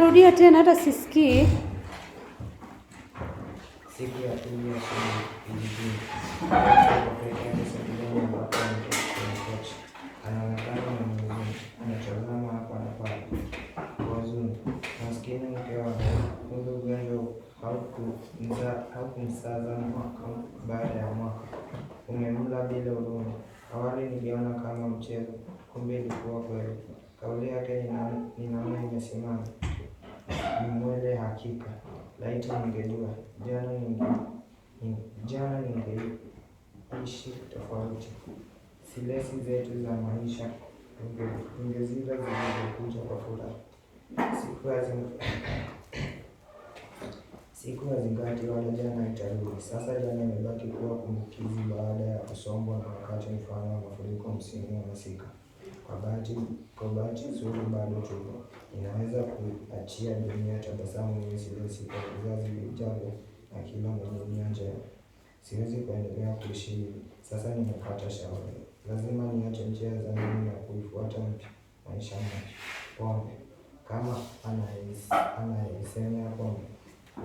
Rudia tena hata sisikii. Haukumsaa zana mwaka baada ya mwaka, umemla bila huruma. Awali niliona kama mchezo, kumbe ilikuwa kweli. Kauli yake ni namna imesimama ni mwele hakika. Laiti ningejua jana, ninge, jana ningeishi tofauti. Silesi zetu za maisha ningezila zilizokuja kwa furaha. Siku hazingati wala jana itarudi. Sasa jana imebaki kuwa kumbukizi baada ya kusombwa na wakati mfano wa mafuriko msimu wa masika. Kwa bahati kwa bahati nzuri bado tupo, inaweza kuachia dunia tabasamu nyeusi leusi kwa vizazi vijavyo na kila mwenye nia njema. Siwezi kuendelea kuishi hivi, sasa nimepata shauri, lazima niache njia za zamani na kuifuata mpya, maisha mapya. Pombe kama anayeisema pombe,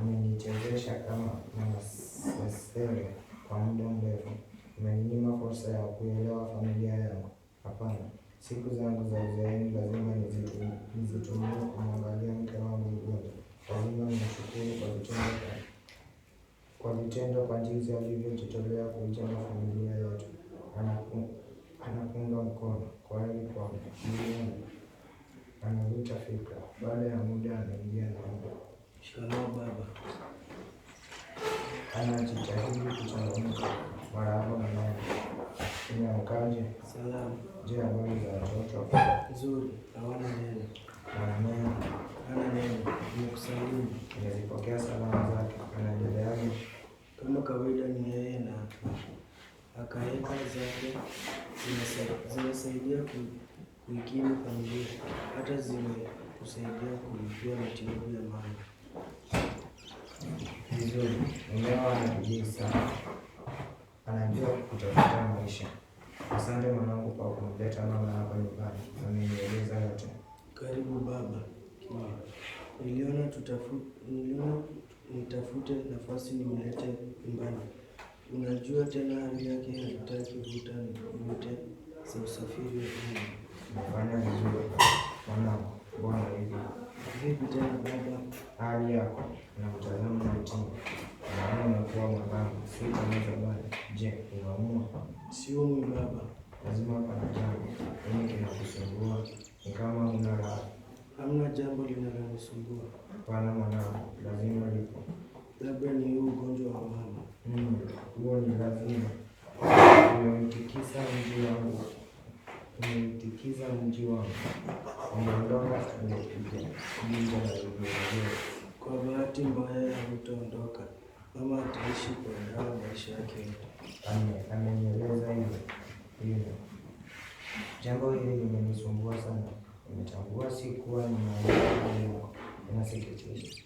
imenichezesha kama mwanasesere kwa muda mrefu, imeninyima fursa ya kuelewa familia yangu. Hapana, Siku zangu za uzeeni lazima nizitumie kumwangalia mke wangu mgonjwa. Lazima nimshukuru kwa vitendo kwa vitendo kwa jinsi alivyojitolea kuijali familia yetu. Anakuunga mkono kwani kwa maneno anavuta fikra. Baada ya muda anaingia naomba. Shikamoo baba. Anajitahidi kuchangamka. Marahaba mama. Jina ukaje? Salamu. Je, habari za watoto? Nzuri, hawana neno. Hawana neno. Hawana neno. Nimekusalimu. Nilipokea salamu zake. Anaendeleaje? Kama kawaida ni yeye na akaeka zake zinasaidia kuikimu familia, hata zimekusaidia kulipia matibabu ya mama. Vizuri. Ingawa anabidii sana, anajua kutafuta maisha Asante mwanangu kwa kumleta mama hapa nyumbani, amenieleza yote. Karibu baba. Niliona tutafu, niliona nitafute nafasi nimlete nyumbani. Unajua tena hali yake haitaki vuta nikuvute za usafiri wa umma. Umefanya vizuri mwanangu, Bwana hivi? Vipi tena baba? Hali yako na mtazamo na mtindo Je, unaumwa? Siumwi baba. Lazima pana jambo nini yaani kinakusumbua? Ni kama una raha. Hamna jambo linalonisumbua. Hapana mwanangu, lazima lipo. Labda ni huu ugonjwa wa mama. Mm, huo ni lazima. Umemtikisa mji wangu, umemtikiza mji wangu, umeondoka umepiga ginja na Kwa bahati mbaya hautoondoka ama ataishi kuendana maisha yake yote. Amenieleza hivyo hivyo. Jambo hili limenisumbua sana, nimetambua si kuwa ninaeo,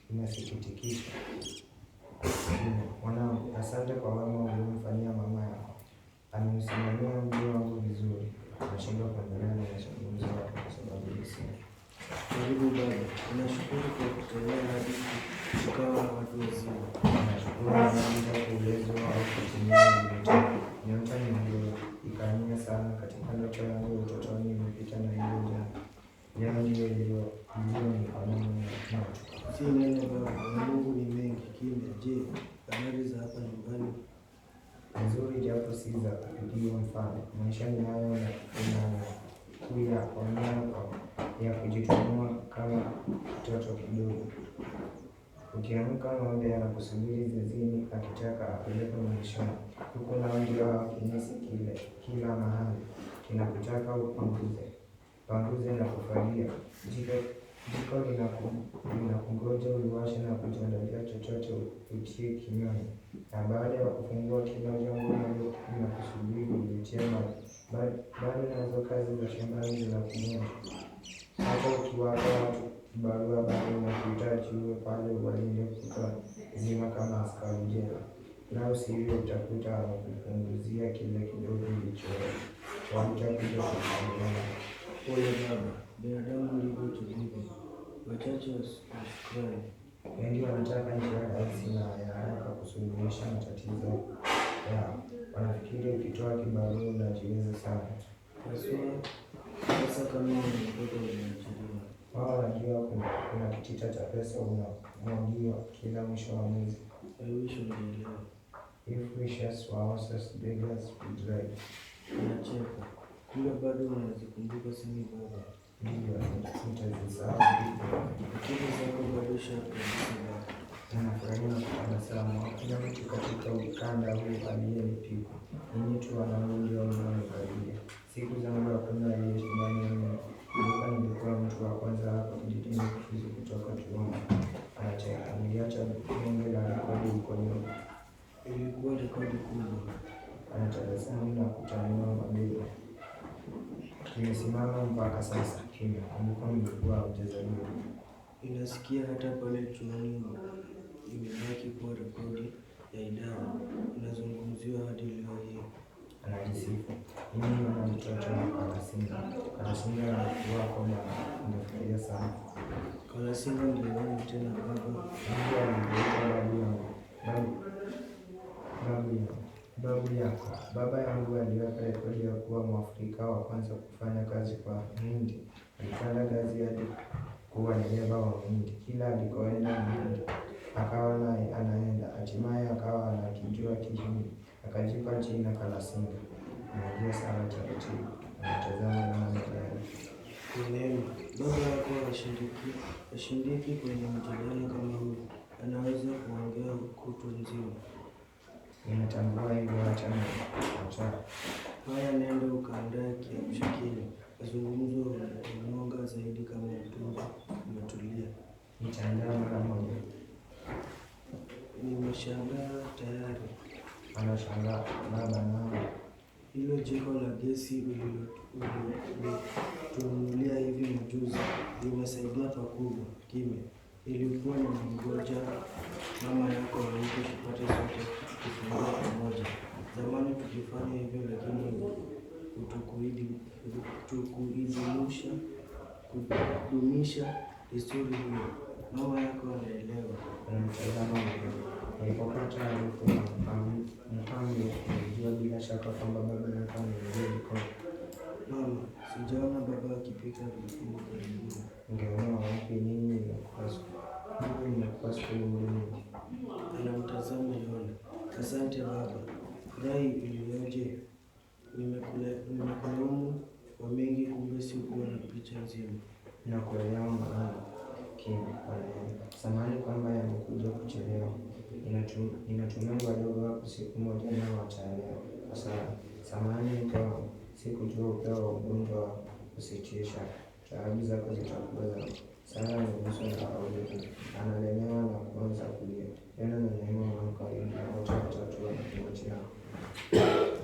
inasikitikisha. Mwanangu, asante kwa wema uliomfanyia mama yako. Amemsimamia mji wangu vizuri. Nashindwa kuendelea na mazungumzo yako kwa sababu karibu baba, tunashukuru kwa kutuelewa hadi tukawa watu wazima. Tunashukuru bila kuelezwa au kutumia yote. Miaka mingi ikania sana katika ndoto yangu utotoni imepita na hiyo jana. Leo ndiyo iliyo Si neno baba, Mungu ni mengi kimya. Je, habari za hapa nyumbani? Nzuri japo si za kupigiwa mfano. Maisha ni hayo na kuya kwa mwana ya kujitumua kama mtoto kidogo. Ukiamka ng'ombe anakusubiri zizini akitaka akupeleke malishoni, huku nao ndio kinyesi kile kila mahali kinakutaka upanguze panguze na kufagia. Jiko linakungoja uliwashe na kujiandalia chochote utie kinywani, na baada ya kufungua kila jambo nalo linakusubiri ulitie maji. Bali nazo kazi za shambani zinakungoja hapo ukiwapa watu barua bado unakuhitaji uwe pale uwalie kuta nzima kama askari jela, nao si hivyo utakuta wamekupunguzia kile kidogo ilichowamtakuja kukuonea. Pole baba, binadamu ndivyo tulivyo, wachache wa Wengi wanataka njia rahisi na ya haraka kusuluhisha matatizo yao, wanafikiri ukitoa kibarua unajiweza sana pesa kama mtoto Mama najua kuna kitita cha pesa unamwagiwa kila mwisho wa mwezi. If wishes were houses, beggars would rise. Unacheka. Ila bado unazikumbuka simu baba. Ndio, nitazisahau. Akili zako bado sharp. Ninafurahia na kutabasamu. Kila mtu katika ukanda huu aliyenipika. Ninyi tu wanaume ndio mnaonikaribia siku zangu ya kwanza ile chumbani nilikuwa nilikuwa mtu wa kwanza hapa kujituma kufuzu kutoka tuoni. Analiacha bonge la rekodi huko nyuma, ilikuwa rekodi kubwa. Anatabasamu na kutanua mabega, kimesimama mpaka sasa, kimekumbuka mlikuwa haujazaliwa. Inasikia hata pale chuoni, imebaki kuwa rekodi ya idara, inazungumziwa hadi leo hii anajisifu, mimi mama mtoto wa Kalasinga. Kalasinga alikuwa kwamba sana. Kalasinga tena baba babu yangu, babu yangu, babu yako. Baba yangu aliweka rekodi ya kuwa Mwafrika wa kwanza kufanya kazi kwa Mhindi. Alipanda ngazi hadi kuwa dereva wa Mhindi kila alikoenda Mhindi akawa na katika jina kalasinga najua sana taratibu natazama namna gani baba yako ashindiki kwenye mtihani kama huu, anaweza kuongea kutu nzima. Inatambua hivyo, hata nataa haya. Nenda ukaandaa kiamsha kinywa, mazungumzo unonga zaidi kama utumba umetulia. Nitaandaa mara moja. Nimeshangaa tayari. Anashangaa, baba naam, hilo jiko la gesi ulilotumulia hivi majuzi limesaidia pakubwa. Kime ilikuwa ni mgoja mama yako waike tupate sote kufungua pamoja. Zamani tukifanya hivyo, lakini hutukuidimusha kudumisha desturi hiyo. Mama yako anaelewa, anamtazama Alipopata harufu Mohammed alijua bila shaka kwamba baba yake ameingia jikoni. Mama, sijaona baba akipika vitumbua karibuni. Ungeona wapi? Nini imekuwaswa? Nini imekuwaswa mdomoni? Anamtazama Yohana. Asante baba, furahi iliyoje! Nimekulaumu kwa mengi, kumbe sikuwa na picha nzima. Nakuelewa mwanangu, Samahani kwamba yamekuja kuchelewa. Ninatumai wadogo wako siku moja na wataelewa, Sasa samani kwao sikujua upeo wa ugonjwa wa kusitisha Taabu zako zitakuwa Sara ni uso na kauli, analemewa na kuanza kulia. Tena ni neema wako karibu na wote watatu wa